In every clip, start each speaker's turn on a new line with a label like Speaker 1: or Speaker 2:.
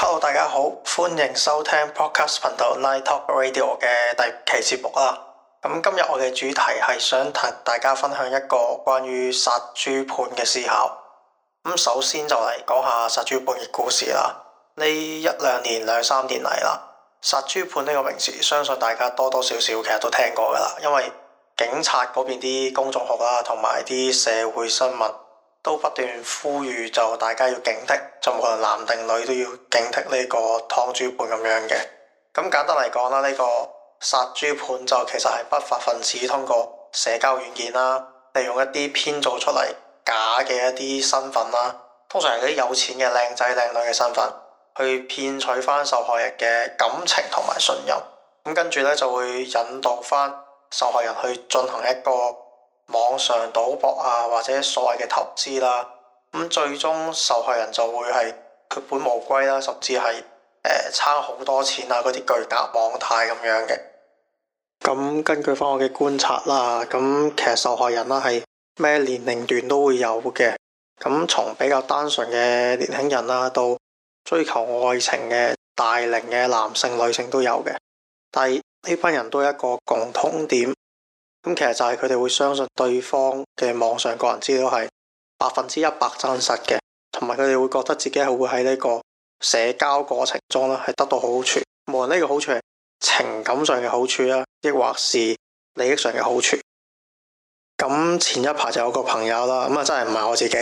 Speaker 1: hello，大家好，歡迎收聽 Podcast 頻道 Light Talk Radio 嘅第二期節目啦。咁今日我嘅主題係想同大家分享一個關於殺豬盤嘅思考。咁首先就嚟講下殺豬盤嘅故事啦。呢一兩年兩三年嚟啦，殺豬盤呢個名詞，相信大家多多少少其實都聽過噶啦。因為警察嗰邊啲公眾號啦，同埋啲社會新聞。都不斷呼籲就大家要警惕，就無論男定女都要警惕呢個湯豬盤咁樣嘅。咁簡單嚟講啦，呢個殺豬盤就其實係不法分子通過社交軟件啦，利用一啲編造出嚟假嘅一啲身份啦，通常係啲有錢嘅靚仔靚女嘅身份，去騙取翻受害人嘅感情同埋信任。咁跟住呢，就會引導翻受害人去進行一個。網上賭博啊，或者所謂嘅投資啦，啊，咁最終受害人就會係血本無歸啦，啊，甚至係誒、呃、差好多錢啊，嗰啲巨額網貸咁樣嘅。咁，嗯、根據翻我嘅觀察啦，咁，嗯、其實受害人啦係咩年齡段都會有嘅，咁，嗯、從比較單純嘅年輕人啦，啊，到追求愛情嘅大齡嘅男性、女性都有嘅，但係呢班人都有一個共通點。咁其實就係佢哋會相信對方嘅網上個人資料係百分之一百真實嘅，同埋佢哋會覺得自己係會喺呢個社交過程中啦，係得到好處。無論呢個好處係情感上嘅好處啦，抑或是利益上嘅好處。咁前一排就有個朋友啦，咁啊真係唔係我自己，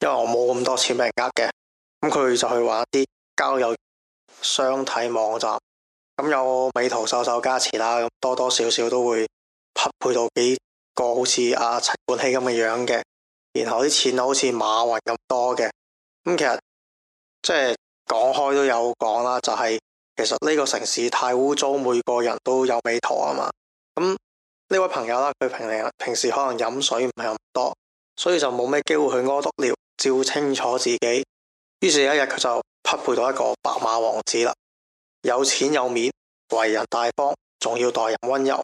Speaker 1: 因為我冇咁多錢俾人呃嘅。咁佢就去玩啲交友相睇網站，咁有美圖秀秀加持啦，咁多多少少都會。匹配到幾個好似阿陳冠希咁嘅樣嘅，然後啲錢好似馬雲咁多嘅，咁、嗯、其實即係講開都有講啦，就係、是、其實呢個城市太污糟，每個人都有美圖啊嘛。咁、嗯、呢位朋友啦，佢平平，平時可能飲水唔係咁多，所以就冇咩機會去屙督尿照清楚自己。於是有一日佢就匹配到一個白馬王子啦，有錢有面，為人大方，仲要待人溫柔。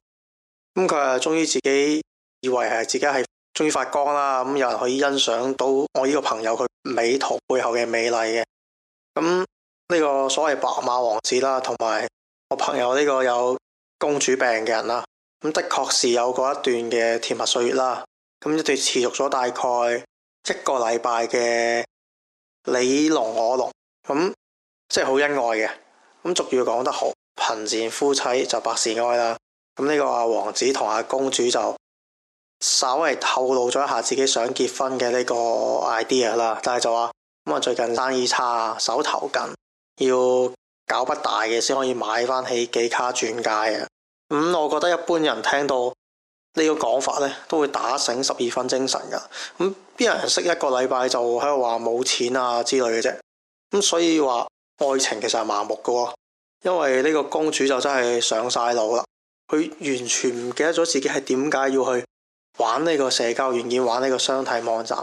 Speaker 1: 咁佢係終於自己以為係自己係終於發光啦，咁有人可以欣賞到我呢個朋友佢美圖背後嘅美麗嘅。咁呢個所謂白馬王子啦，同埋我朋友呢個有公主病嘅人啦，咁的確是有過一段嘅甜蜜歲月啦。咁一段持續咗大概一個禮拜嘅你儂我儂，咁即係好恩愛嘅。咁俗語講得好，貧賤夫妻就百事哀啦。咁呢個阿王子同阿公主就稍微透露咗一下自己想結婚嘅呢個 idea 啦，但係就話咁啊，最近生意差，手頭緊，要搞不大嘅先可以買翻起幾卡鑽戒啊。咁、嗯、我覺得一般人聽到呢個講法咧，都會打醒十二分精神噶。咁邊有人識一個禮拜就喺度話冇錢啊之類嘅啫。咁、嗯、所以話愛情其實係麻木噶，因為呢個公主就真係上晒腦啦。佢完全唔記得咗自己係點解要去玩呢個社交軟件，玩呢個相睇網站。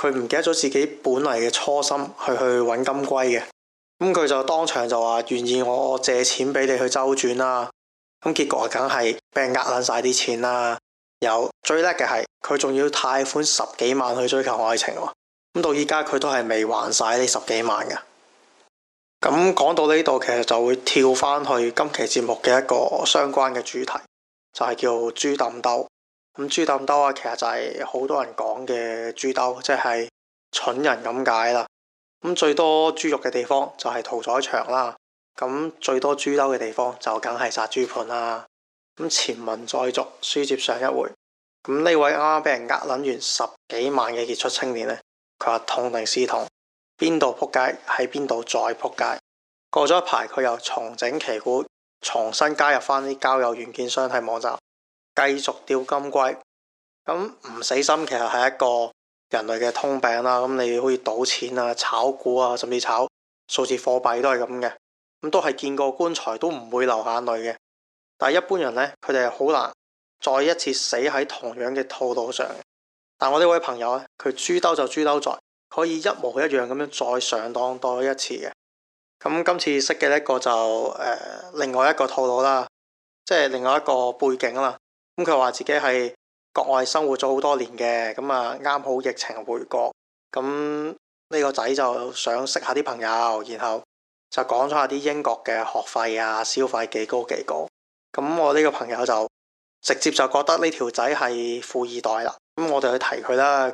Speaker 1: 佢唔記得咗自己本嚟嘅初心，去去揾金龜嘅。咁佢就當場就話，願意我借錢俾你去周轉啦、啊。咁結果梗係俾人呃撚晒啲錢啦、啊。有最叻嘅係，佢仲要貸款十幾萬去追求愛情、啊。咁到依家佢都係未還晒呢十幾萬嘅。咁講到呢度，其實就會跳返去今期節目嘅一個相關嘅主題，就係叫豬抌兜。咁豬抌兜啊，其實就係好多人講嘅豬兜，即係蠢人咁解啦。咁最多豬肉嘅地方就係屠宰場啦。咁最多豬兜嘅地方就梗係殺豬盤啦。咁前文再續，書接上一回。咁呢位啱啱俾人呃撚完十幾萬嘅傑出青年呢，佢話痛定思痛，邊度撲街喺邊度再撲街。過咗一排，佢又重整旗鼓，重新加入翻啲交友軟件、相睇網站，繼續釣金龜。咁唔死心，其實係一個人類嘅通病啦。咁你可以賭錢啊、炒股啊，甚至炒數字貨幣都係咁嘅。咁都係見過棺材都唔會流眼淚嘅。但係一般人呢，佢哋係好難再一次死喺同樣嘅套路上。但我呢位朋友咧，佢豬兜就豬兜在，可以一模一樣咁樣再上當多一次嘅。咁今次識嘅呢個就誒、呃，另外一個套路啦，即係另外一個背景吖嘛。咁佢話自己係國外生活咗好多年嘅，咁啊啱好疫情回國，咁、嗯、呢、這個仔就想識下啲朋友，然後就講咗下啲英國嘅學費啊，消費幾高幾高。咁、嗯、我呢個朋友就直接就覺得呢條仔係富二代啦。咁、嗯、我哋去提佢啦，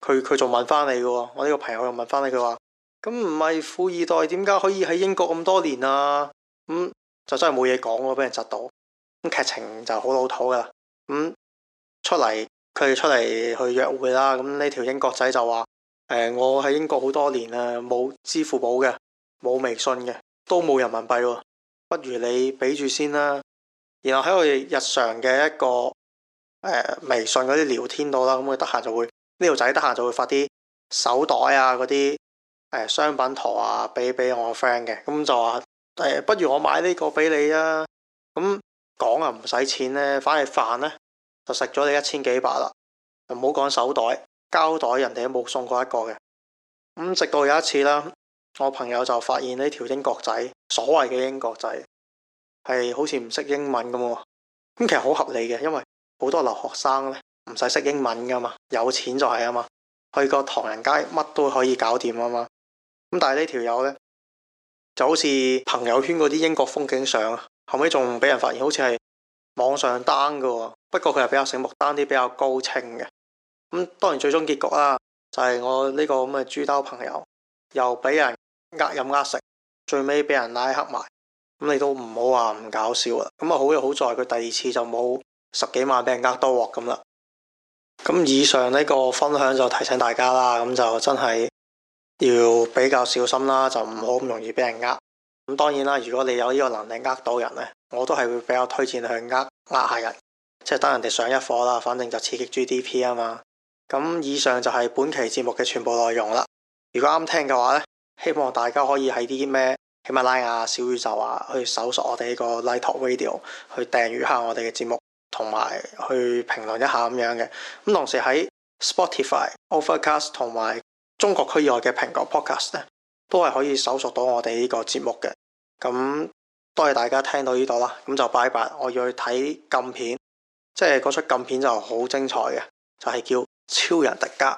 Speaker 1: 佢佢仲問翻你嘅，我呢個朋友又問翻你，佢話。咁唔係富二代，點解可以喺英國咁多年啊？咁、嗯、就真係冇嘢講咯，俾人窒到咁劇、嗯、情就好老土㗎啦。咁、嗯、出嚟佢哋出嚟去約會啦。咁、嗯、呢條英國仔就話、呃：我喺英國好多年啦，冇支付寶嘅，冇微信嘅，都冇人民幣，不如你俾住先啦。然後喺我哋日常嘅一個、呃、微信嗰啲聊天度啦，咁佢得閒就會呢條仔得閒就會發啲手袋啊嗰啲。誒，商品圖啊，俾俾我 friend 嘅，咁就話、哎、不如我買呢個俾你啊，咁講啊唔使錢呢。反正飯呢，就食咗你一千幾百啦，唔好講手袋、膠袋，人哋都冇送過一個嘅，咁直到有一次啦，我朋友就發現呢條英國仔所謂嘅英國仔係好似唔識英文咁，咁其實好合理嘅，因為好多留學生呢，唔使識英文噶嘛，有錢就係啊嘛，去個唐人街乜都可以搞掂啊嘛。咁但係呢條友呢，就好似朋友圈嗰啲英國風景相啊，後尾仲俾人發現好似係網上單噶不過佢係比較醒目單啲比較高清嘅。咁當然最終結局啦，就係、是、我呢個咁嘅豬兜朋友又俾人呃飲呃食，最尾俾人拉黑埋。咁你都唔好話唔搞笑啦。咁啊好又好在佢第二次就冇十幾萬俾人呃多鑊咁啦。咁以上呢個分享就提醒大家啦，咁就真係。要比較小心啦，就唔好咁容易俾人呃。咁當然啦，如果你有呢個能力呃到人呢，我都係會比較推薦你去呃呃下人，即係等人哋上一課啦。反正就刺激 GDP 啊嘛。咁以上就係本期節目嘅全部內容啦。如果啱聽嘅話呢，希望大家可以喺啲咩喜馬拉雅、小宇宙啊，去搜索我哋呢個 Light Talk Radio 去訂閱下我哋嘅節目，同埋去評論一下咁樣嘅。咁同時喺 Spotify、Overcast 同埋。中國區以外嘅蘋果 Podcast 咧，都係可以搜索到我哋呢個節目嘅。咁多謝大家聽到呢度啦，咁就拜拜。我要去睇禁片，即係嗰出禁片就好精彩嘅，就係、是、叫《超人迪迦》。